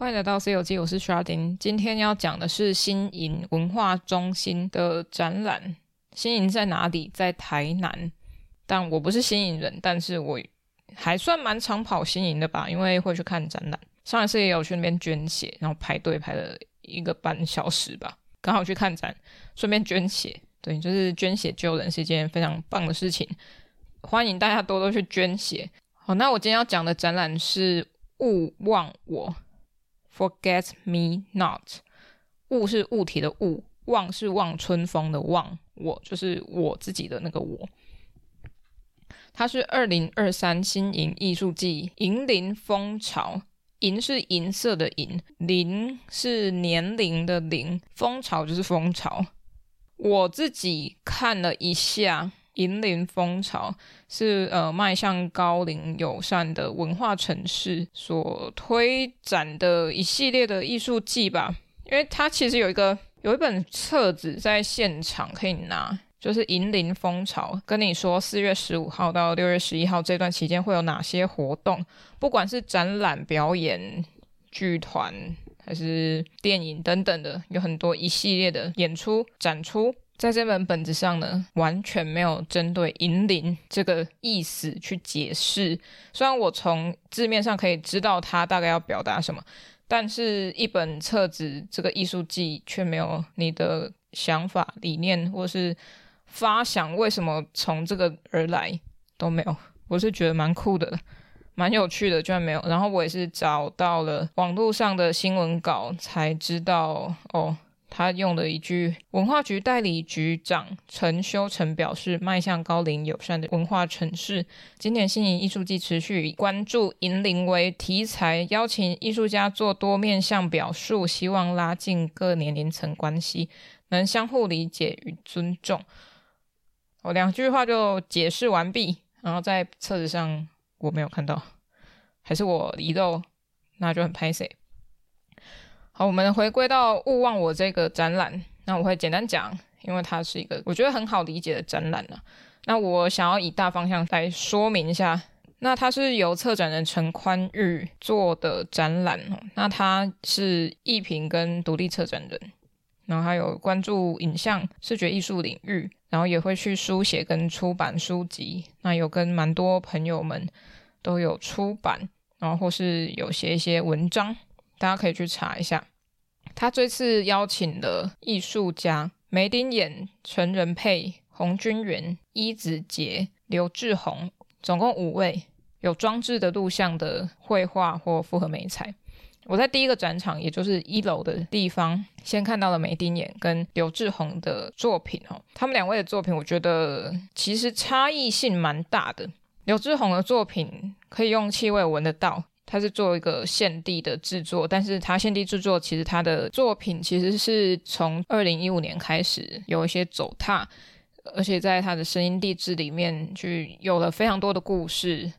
歡迎來到 C 遊記，我是 Chardin。今天要講的是新營文化中心的展覽。新營在哪裡？在台南。但我不是新營人，但是我還算蠻常跑新營的吧，因為會去看展覽。上一次也有去那邊捐血，然後排隊排了一個半小時吧，剛好去看展，順便捐血。對，就是捐血救人是一件非常棒的事情，歡迎大家多多去捐血。好，那我今天要講的展覽是《物望我》。Forget me not，物是物體的物，望是望春風的望，我就是我自己的那個我。它是二零二三新營藝術季，銀齡蜂巢，銀是銀色的銀，齡是年齡的齡，蜂巢就是蜂巢。我自己看了一下。銀齡風潮是呃，邁向高齡友善的文化城市所推展的一系列的藝術季吧，因為它其實有一個有一本冊子在現場可以拿，就是銀齡風潮跟你說四月十五號到六月十一號這段期間會有哪些活動，不管是展覽、表演、劇團還是電影等等的，有很多一系列的演出、展出。在這本本子上呢，完全沒有針對“銀齡”這個意思去解釋。雖然我從字面上可以知道它大概要表達什麼，但是一本冊子這個藝術季卻沒有你的想法、理念或是發想，為什麼從這個而來都沒有。我是覺得蠻酷的，蠻有趣的，居然沒有。然後我也是找到了網絡上的新聞稿才知道哦。他用了一句：“文化局代理局長陳修成表示，邁向高齡友善的文化城市，今年新營藝術季持續以關注銀齡為題材，邀請藝術家做多面向表述，希望拉近各年齡層關係，能相互理解與尊重。哦”我兩句話就解釋完畢。然後在冊子上我沒有看到，還是我遺漏，那就很 passive。好，我們回歸到“物望我”這個展覽，那我會簡單講，因為它是一個我覺得很好理解的展覽啊，那我想要以大方向來說明一下，那它是由策展人陳寬育做的展覽。那他是藝評跟獨立策展人，然後還有關注影像視覺藝術領域，然後也會去書寫跟出版書籍。那有跟蠻多朋友們都有出版，然後或是有寫一些文章。大家可以去查一下，他這次邀請了藝術家梅丁衍、程仁佩、洪鈞元、尹子潔、劉致宏，總共五位，有裝置的錄像的繪畫或複合媒材。我在第一個展場，也就是一樓的地方，先看到了梅丁衍跟劉致宏的作品哦。他們兩位的作品，我覺得其實差異性蠻大的。劉致宏的作品可以用氣味聞得到。他是做一個現地的製作，但是他現地製作其實他的作品其實是從二零一五年開始有一些走踏，而且在他的聲音地誌裡面去有了非常多的故事，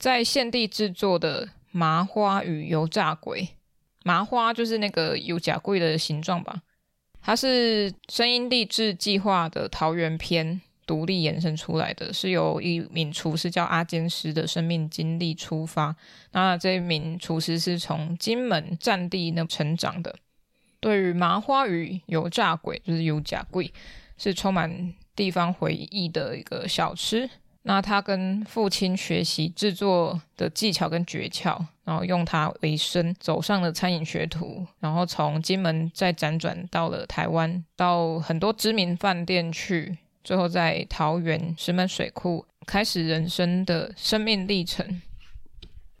在現地製作的麻花與油炸鬼，麻花就是那個油炸鬼的形狀吧，它是聲音地誌計劃的桃園篇。獨立延伸出來的是由一名廚師叫阿堅師的生命經歷出發。那這一名廚師是從金門戰地那成長的。對於麻花魚油炸鬼，就是油炸鬼是充滿地方回憶的一個小吃。那他跟父親學習製作的技巧跟訣竅，然後用它為生，走上了餐飲學徒，然後從金門再輾轉到了台灣，到很多知名飯店去。最後在桃園石門水庫開始人生的生命歷程。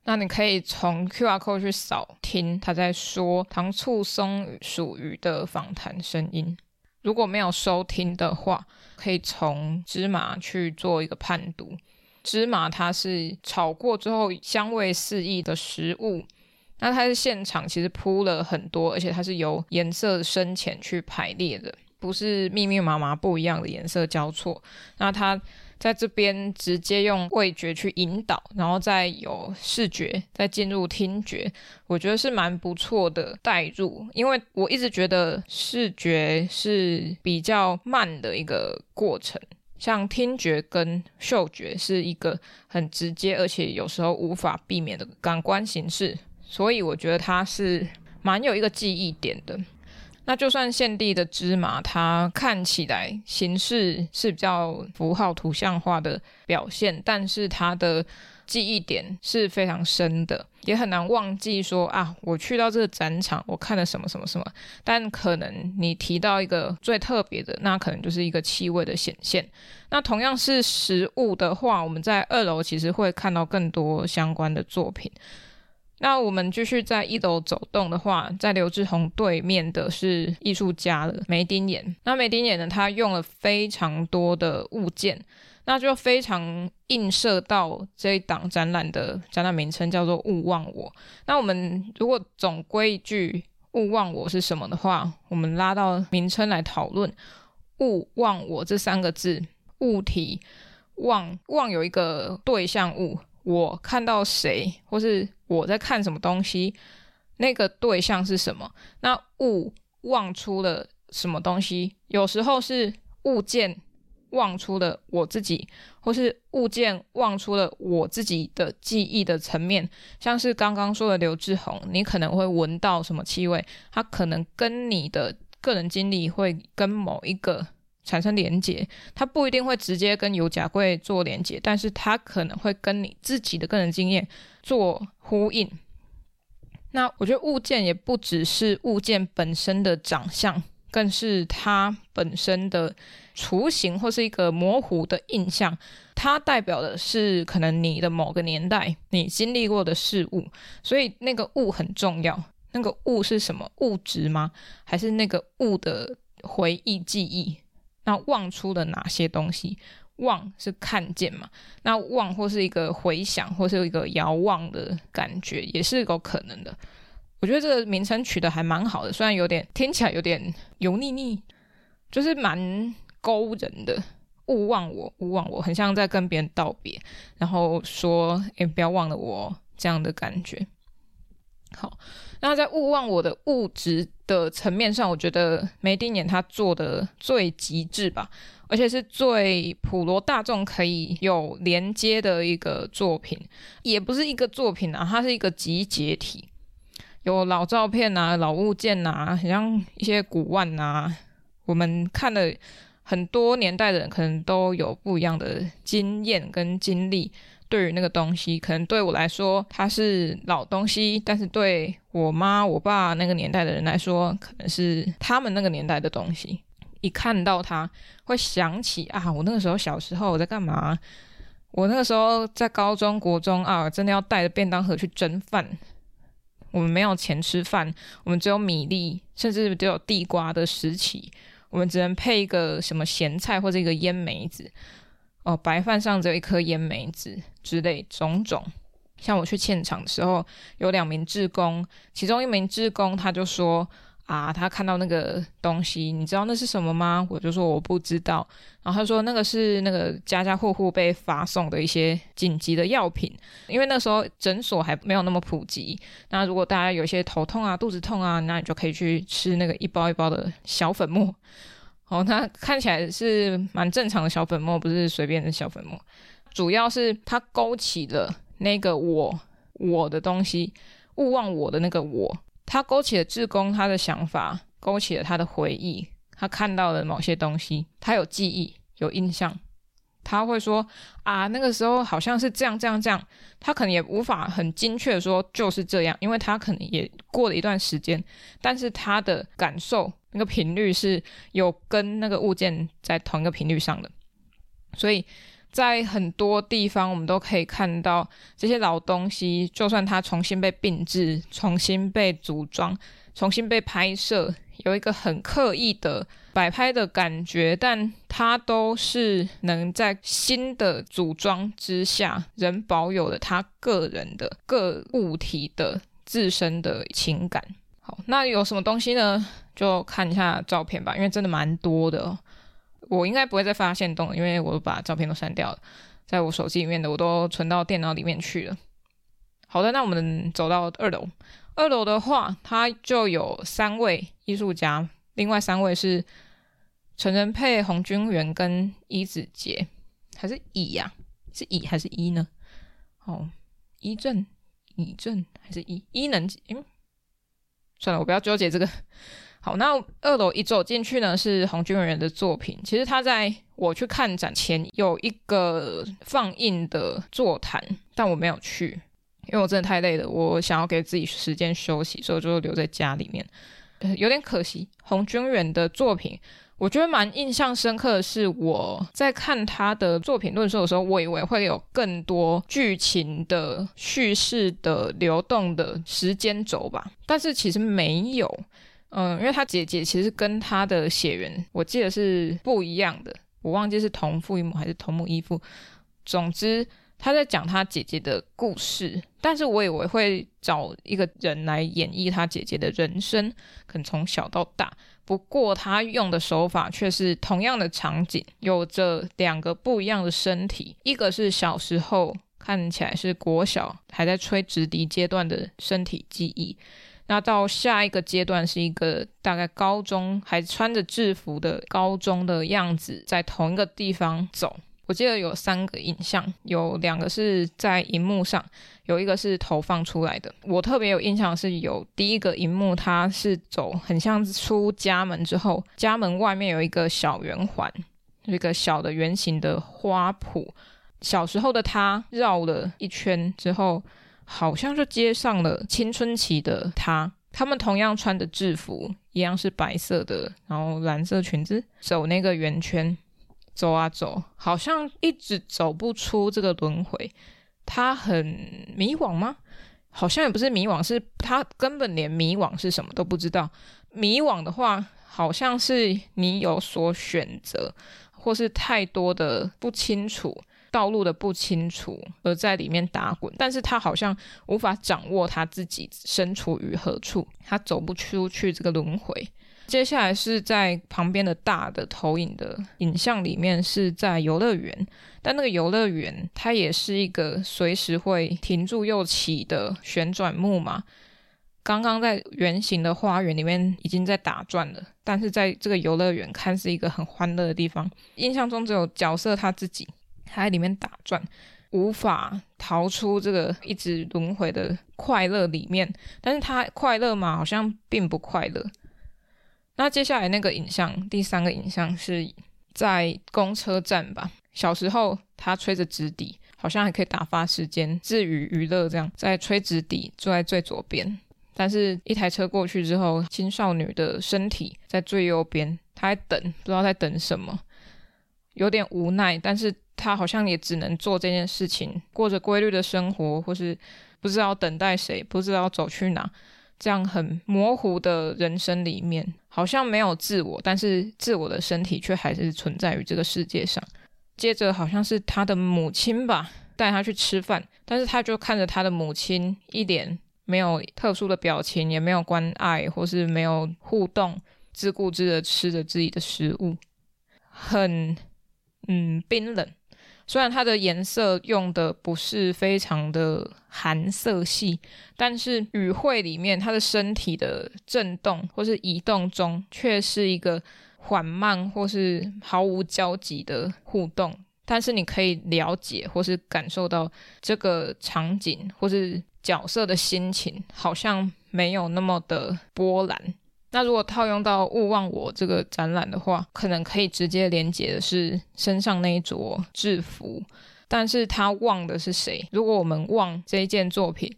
那你可以從 QR Code 去掃聽他在說糖醋松鼠魚的訪談聲音。如果沒有收聽的話，可以從芝麻去做一個判讀。芝麻它是炒過之後香味四溢的食物。那它是現場其實鋪了很多，而且它是由顏色深淺去排列的。不是密密麻麻不一樣的顏色交錯，那它在這邊直接用味覺去引導，然後再有視覺，再進入聽覺，我覺得是蠻不錯的代入。因為我一直覺得視覺是比較慢的一個過程，像聽覺跟嗅覺是一個很直接，而且有時候無法避免的感官形式，所以我覺得它是蠻有一個記憶點的。那就算現地的芝麻，它看起來形式是比較符號圖像化的表現，但是它的記憶點是非常深的，也很難忘記說。說啊，我去到這個展場，我看了什麼什麼什麼。但可能你提到一個最特別的，那可能就是一個氣味的顯現。那同樣是食物的話，我們在二樓其實會看到更多相關的作品。那我們繼續在一樓走動的話，在劉致宏對面的是藝術家的梅丁衍。那梅丁衍呢，他用了非常多的物件，那就非常映射到這一檔展覽的展覽名稱叫做“物望我”。那我們如果總歸一句“物望我”是什麼的話，我們拉到名稱來討論“物望我”這三個字。物體望望有一個對象物，我看到誰或是。我在看什麼東西，那個對象是什麼？那物望出了什麼東西？有時候是物件望出了我自己，或是物件望出了我自己的記憶的層面。像是剛剛說的劉致宏，你可能會聞到什麼氣味？他可能跟你的個人經歷會跟某一個。產生連結，它不一定會直接跟有甲貴做連結，但是它可能會跟你自己的個人經驗做呼應。那我覺得物件也不只是物件本身的長相，更是它本身的雛形或是一個模糊的印象。它代表的是可能你的某個年代你經歷過的事物，所以那個物很重要。那個物是什麼？物質嗎？還是那個物的回憶記憶？那望出了哪些東西？望是看見嘛？那望或是一個回想，或是有一個遙望的感覺，也是有可能的。我覺得這個名稱取得還蠻好的，雖然有點聽起來有點油膩膩，就是蠻勾人的。勿忘我，勿忘我，很像在跟別人道別，然後說：“哎，不要忘了我。”這樣的感覺。好。那在勿忘我的物質的層面上，我覺得梅丁衍他做的最極緻吧，而且是最普羅大眾可以有連接的一個作品，也不是一個作品啊，它是一個集結體，有老照片吶、啊、老物件吶、啊，很像一些古玩吶、啊，我們看了很多年代的人，可能都有不一樣的經驗跟經歷。對於那個東西，可能對我來說它是老東西，但是對我媽我爸那個年代的人來說，可能是他們那個年代的東西。一看到它，會想起啊，我那個時候小時候我在幹嘛？我那個時候在高中、國中啊，真的要帶着便當盒去蒸飯。我們沒有錢吃飯，我們只有米粒，甚至只有地瓜的時期。我們只能配一個什麼鹹菜或者一個醃梅子。哦，白飯上只有一顆醃梅子。之類種種，像我去現場的時候，有兩名志工，其中一名志工他就說：“啊，他看到那個東西，你知道那是什麼嗎？”我就說我不知道。然後他說：“那個是那個家家戶戶被發送的一些緊急的藥品，因為那時候診所還沒有那麼普及。那如果大家有些頭痛啊、肚子痛啊，那你就可以去吃那個一包一包的小粉末。哦，那看起來是蠻正常的小粉末，不是隨便的小粉末。”主要是他勾起了那個我、我的東西，勿忘我的那個我。他勾起了志工他的想法，勾起了他的回憶，他看到了某些東西，他有記憶有印象，他會說啊，那個時候好像是這樣這樣這樣，他可能也無法很精確地說就是這樣，因為他可能也過了一段時間，但是他的感受那個頻率是有跟那個物件在同一個頻率上的，所以。在很多地方，我們都可以看到這些老東西，就算它重新被並置，重新被組裝、重新被拍攝，有一個很刻意的擺拍的感覺，但它都是能在新的組裝之下，仍保有了它個人的個物體的自身的情感。好，那有什麼東西呢？就看一下照片吧，因為真的蠻多的哦。我應該不會再發限動，因為我把照片都刪掉了，在我手機裡面的我都存到電腦裡面去了。好的，那我們走到二樓。二樓的話，它就有三位藝術家，另外三位是程仁佩、洪鈞元跟尹子潔，還是乙呀、啊？是乙還是一呢？哦，一正、乙正，還是一一能？算了，我不要糾結這個。好，那二樓一走進去呢，是洪鈞元的作品。其實他在我去看展前有一個放映的座談，但我沒有去，因為我真的太累了，我想要給自己時間休息，所以我就留在家裡面。呃，有點可惜，洪鈞元的作品，我覺得蠻印象深刻的是我在看他的作品論述的時候，我以為會有更多劇情的敘事的流動的時間軸吧，但是其實沒有。嗯，因為他姐姐其實跟他的血緣，我記得是不一樣的，我忘記是同父異母還是同母異父。總之，他在講他姐姐的故事，但是我以為會找一個人來演繹他姐姐的人生，可能從小到大。不過他用的手法卻是同樣的場景，有着兩個不一樣的身體，一個是小時候看起來是國小還在吹直笛階段的身體記憶。那到下一個階段是一個大概高中還穿着制服的高中的樣子，在同一個地方走。我記得有三個影像，有兩個是在熒幕上，有一個是投放出來的。我特別有印象是有第一個熒幕，它是走很像是出家門之後，家門外面有一個小圓環，有一個小的圓形的花圃。小時候的他繞了一圈之後。好像就接上了青春期的他，他們同樣穿的制服，一樣是白色的，然後藍色裙子，走那個圓圈，走啊走，好像一直走不出這個輪迴。他很迷惘嗎？好像也不是迷惘，是他根本連迷惘是什麼都不知道。迷惘的話，好像是你有所選擇，或是太多的不清楚。道路的不清楚，而在裡面打滾，但是他好像無法掌握他自己身處於何處，他走不出去這個輪迴。接下來是在旁邊的大的投影的影像裡面，是在遊樂園，但那個遊樂園它也是一個隨時會停住又起的旋轉木馬。剛剛在圓形的花園裡面已經在打轉了，但是在這個遊樂園看似一個很歡樂的地方，印象中只有角色他自己。他在裡面打轉，無法逃出這個一直輪迴的快樂裡面。但是他快樂嗎？好像並不快樂。那接下來那個影像，第三個影像是在公車站吧？小時候他吹着紙笛，好像還可以打發時間、自娛娛樂這樣，在吹紙笛，坐在最左邊。但是一台車過去之後，青少女的身體在最右邊，她在等，不知道在等什麼，有點無奈，但是。他好像也只能做這件事情，過着規律的生活，或是不知道等待誰，不知道走去哪，這樣很模糊的人生裡面，好像沒有自我，但是自我的身體卻還是存在於這個世界上。接着好像是他的母親吧，帶他去吃飯，但是他就看着他的母親，一臉沒有特殊的表情，也沒有關愛，或是沒有互動，自顧自的吃着自己的食物，很嗯冰冷。雖然它的顏色用的不是非常的寒色系，但是語彙裡面它的身體的震動或是移動中，卻是一個緩慢或是毫無交集的互動。但是你可以了解或是感受到這個場景或是角色的心情，好像沒有那麼的波瀾。那如果套用到物望我這個展覽的話，可能可以直接連接的是身上那一着制服，但是他望的是誰？如果我們望這一件作品，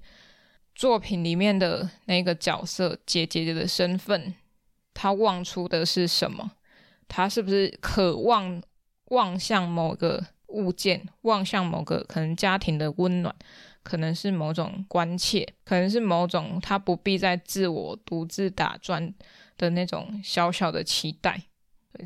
作品裡面的那個角色姐姐姐的身份，他望出的是什麼？他是不是渴望望向某個物件，望向某個可能家庭的溫暖？可能是某種關切，可能是某種他不必再自我獨自打轉的那種小小的期待，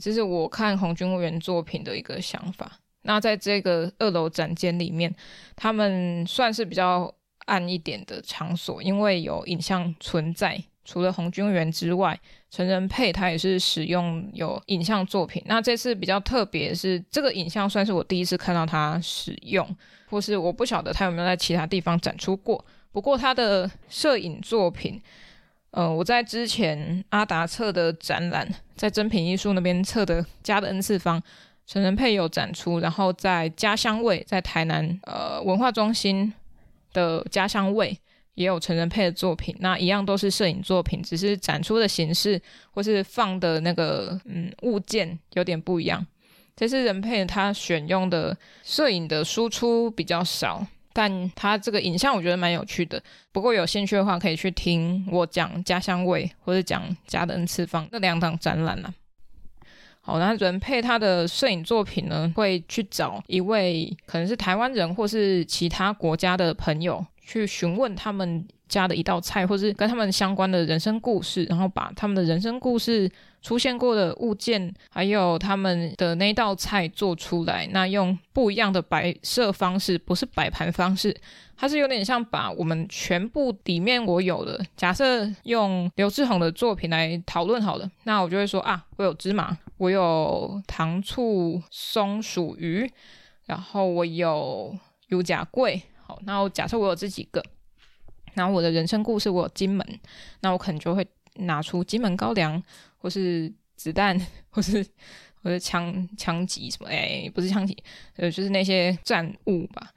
這是我看洪鈞元作品的一個想法。那在這個二樓展間裡面，他們算是比較暗一點的場所，因為有影像存在。除了洪鈞元之外，程仁佩他也是使用有影像作品。那這次比較特別是，是這個影像算是我第一次看到他使用，或是我不曉得他有沒有在其他地方展出過。不過他的攝影作品，呃我在之前阿達策的展覽，在珍品藝術那邊策的加的 n 次方，程仁佩有展出。然後在家鄉味，在台南呃文化中心的家鄉味。也有程仁佩的作品，那一樣都是攝影作品，只是展出的形式或是放的那個嗯，物件有點不一樣。這次仁佩的他選用的攝影的輸出比較少，但他這個影像我覺得蠻有趣的。不過有興趣的話，可以去聽我講家鄉味或是講家的 n 次方這兩檔展覽了，啊。好，那仁佩他的攝影作品呢，會去找一位可能是台灣人或是其他國家的朋友。去詢問他們家的一道菜，或是跟他們相關的人生故事，然後把他們的人生故事出現過的物件，還有他們的那道菜做出來。那用不一樣的擺設方式，不是擺盤方式，它是有點像把我們全部裡面我有的，假設用劉致宏的作品來討論好了，那我就會說啊，我有芝麻，我有糖醋松鼠魚，然後我有油炸粿好，那我假設我有這幾個，然後我的人生故事我有金門，那我可能就會拿出金門高粱，或是子彈，或是或是槍槍擊什麼？哎、欸，不是槍擊，呃，就是那些戰物吧。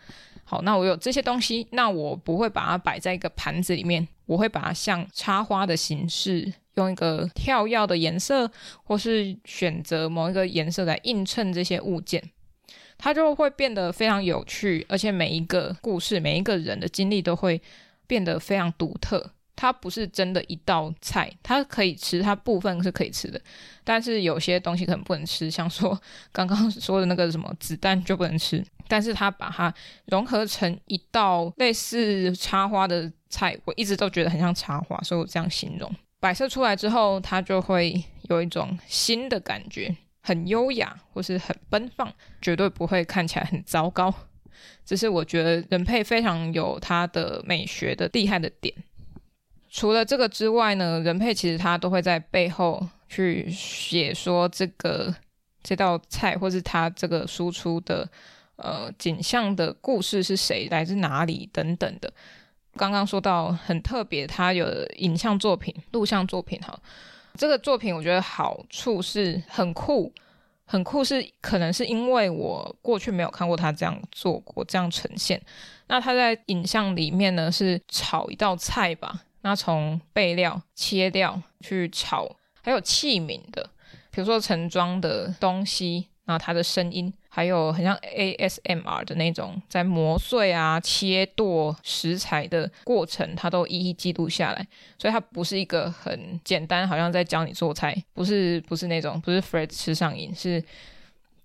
好，那我有這些東西，那我不會把它擺在一個盤子裡面，我會把它像插花的形式，用一個跳躍的顏色，或是選擇某一個顏色來映襯這些物件。它就會變得非常有趣，而且每一個故事、每一個人的經歷都會變得非常獨特。它不是真的一道菜，它可以吃，它部分是可以吃的，但是有些東西可能不能吃，像說剛剛說的那個什麼子彈就不能吃。但是它把它融合成一道類似插花的菜，我一直都覺得很像插花，所以我這樣形容。擺設出來之後，它就會有一種新的感覺。很優雅，或是很奔放，絕對不會看起來很糟糕。只是我覺得仁佩非常有他的美學的厲害的點。除了這個之外呢，仁佩其實他都會在背後去寫說這個這道菜，或是他這個輸出的呃景象的故事是誰來自哪裡等等的。剛剛說到很特別，他有影像作品、錄像作品哈。這個作品我覺得好處是很酷，很酷是可能是因為我過去沒有看過他這樣做過，這樣呈現。那他在影像裡面呢，是炒一道菜吧，那從備料切掉去炒，還有器皿的，比如說盛裝的東西，然後他的聲音。還有很像 ASMR 的那種，在磨碎啊、切剁食材的過程，它都一一記錄下來。所以它不是一個很簡單，好像在教你做菜，不是不是那種，不是 Fred 吃上癮，是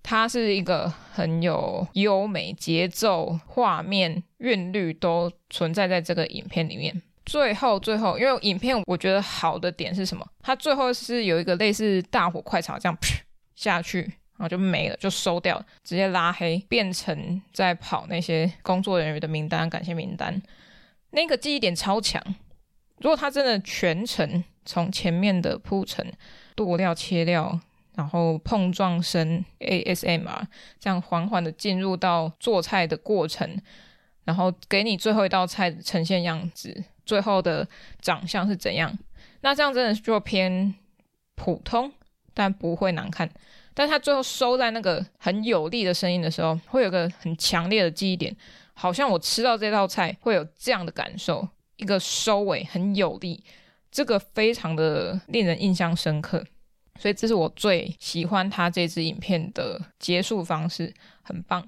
它是一個很有優美節奏、畫面、韻律都存在在這個影片裡面。最後最後，因為影片我覺得好的點是什麼？它最後是有一個類似大火快炒這樣噗下去。然後就沒了，就收掉直接拉黑，變成在跑那些工作人員的名單、感謝名單。那個記憶點超強。如果他真的全程從前面的鋪陳、剁料、切料，然後碰撞聲 ASM r 這樣緩緩的進入到做菜的過程，然後給你最後一道菜呈現樣子，最後的長相是怎樣？那這樣真的是做偏普通，但不會難看。但他最後收在那個很有力的聲音的時候，會有個很強烈的記憶點，好像我吃到這道菜會有這樣的感受，一個收尾很有力，這個非常的令人印象深刻，所以這是我最喜歡他這支影片的結束方式，很棒。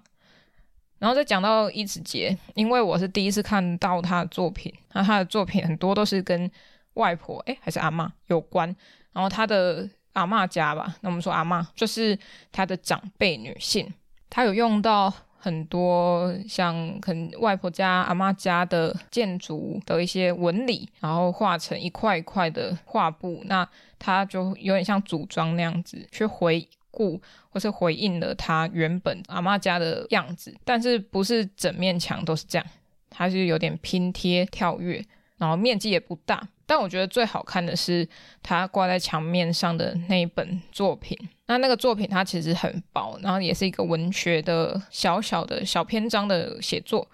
然後再講到尹子潔，因為我是第一次看到他的作品，那他的作品很多都是跟外婆誒、欸、還是阿嬤有關，然後他的。阿嬤家吧，那我們說阿嬤就是她的長輩女性，她有用到很多像可能外婆家、阿嬤家的建築的一些紋理，然後畫成一塊一塊的畫布，那他就有點像組裝那樣子，去回顧或是回應了她原本阿嬤家的樣子，但是不是整面牆都是這樣，它是有點拼貼跳躍。然後面積也不大，但我覺得最好看的是它掛在牆面上的那一本作品。那那個作品它其實很薄，然後也是一個文學的小小的小篇章的寫作。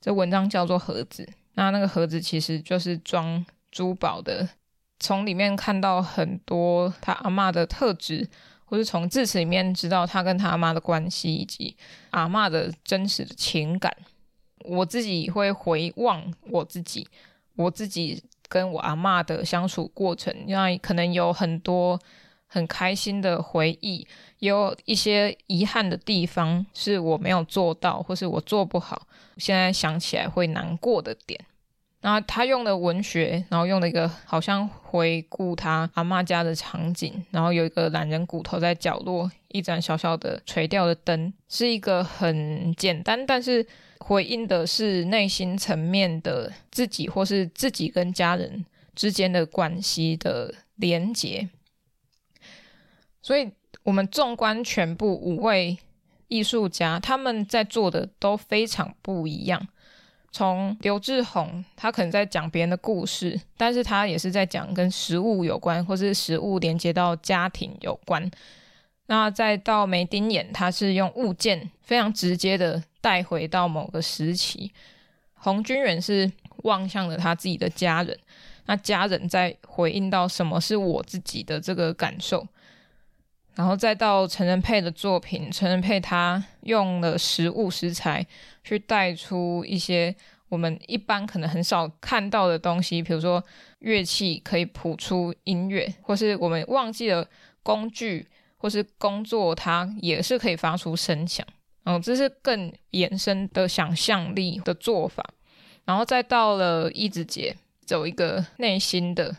這文章叫做盒子。那那個盒子其實就是裝珠寶的，從裡面看到很多他阿嬤的特質，或是從字詞裡面知道他跟他阿嬤的關係以及阿嬤的真實的情感。我自己會回望我自己。我自己跟我阿嬤的相處過程，因為可能有很多很開心的回憶，也有一些遺憾的地方，是我沒有做到，或是我做不好，現在想起來會難過的點。然後他用的文學，然後用了一個好像回顧他阿嬤家的場景，然後有一個懶人骨頭在角落，一盞小小的垂吊的燈，是一個很簡單，但是。回應的是內心層面的自己，或是自己跟家人之間的關係的連結。所以，我們縱觀全部五位藝術家，他們在做的都非常不一樣。從劉致宏，他可能在講別人的故事，但是他也是在講跟食物有關，或是食物連接到家庭有關。那再到梅丁衍，他是用物件非常直接的。帶回到某個時期，洪鈞元是望向了他自己的家人，那家人在回應到什麼是我自己的這個感受，然後再到程仁佩的作品。程仁佩他用了食物食材去帶出一些我們一般可能很少看到的東西，比如說樂器可以譜出音樂，或是我們忘記了工具或是工作，它也是可以發出聲響。嗯、哦，這是更延伸的想象力的做法，然後再到了一字節，走一個內心的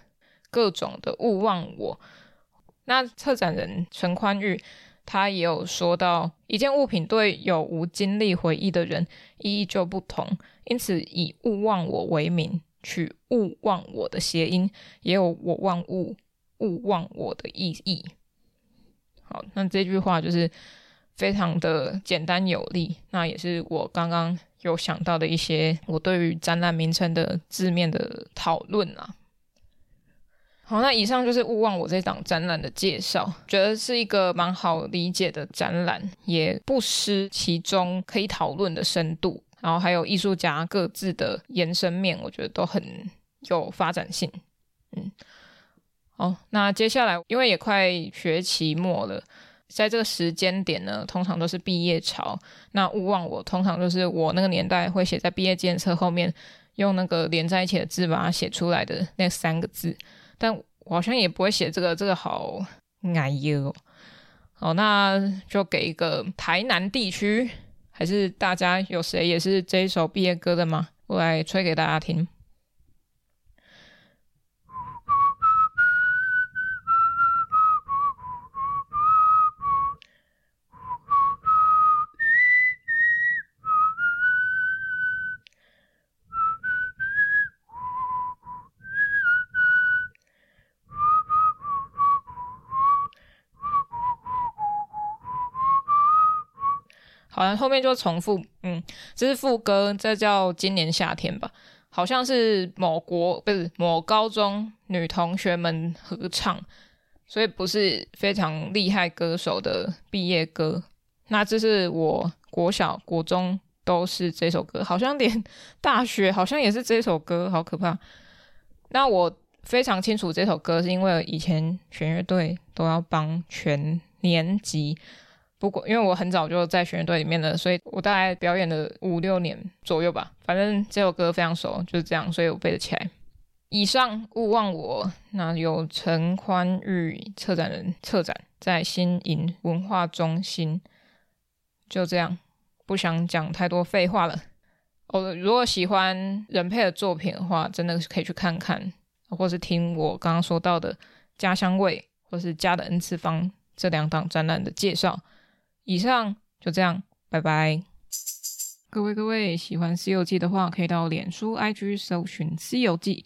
各種的勿忘我。那策展人陳寬育他也有說到，一件物品對有無經歷回憶的人意義就不同，因此以物望我為名，取勿忘我的諧音，也有我忘物物望我的意義。好，那這句話就是。非常的簡單有力，那也是我剛剛有想到的一些我對於展覽名稱的字面的討論啊。好，那以上就是物望我這檔展覽的介紹，覺得是一個蠻好理解的展覽，也不失其中可以討論的深度，然後還有藝術家各自的延伸面，我覺得都很有發展性。嗯，好，那接下來因為也快學期末了。在這個時間點呢，通常都是畢業潮。那勿忘我，通常就是我那個年代會寫在畢業紀念冊後面，用那個連在一起的字把它寫出來的那三個字。但我好像也不會寫這個，這個好難喲、哦。好，那就給一個台南地區，還是大家有誰也是這一首畢業歌的嗎？我來吹給大家聽。好像後面就重複，嗯，這是副歌，這叫今年夏天吧？好像是某國不是某高中女同學們合唱，所以不是非常厲害歌手的畢業歌。那這是我國小、國中都是這首歌，好像連大學好像也是這首歌，好可怕。那我非常清楚這首歌，是因為以前弦樂隊都要幫全年級。不過，因為我很早就在學院隊裡面了，所以我大概表演了五六年左右吧。反正這首歌非常熟，就是這樣，所以我背得起來。以上勿忘我。那有陳寬育策展人策展在新營文化中心。就這樣，不想講太多廢話了。我如果喜歡仁佩的作品的話，真的是可以去看看，或是聽我剛剛說到的家鄉味或是家的 N 次方這兩檔展覽的介紹。以上就這樣，拜拜。各位各位，喜歡 C 遊記的話，可以到臉書、IG 搜尋 C 遊記。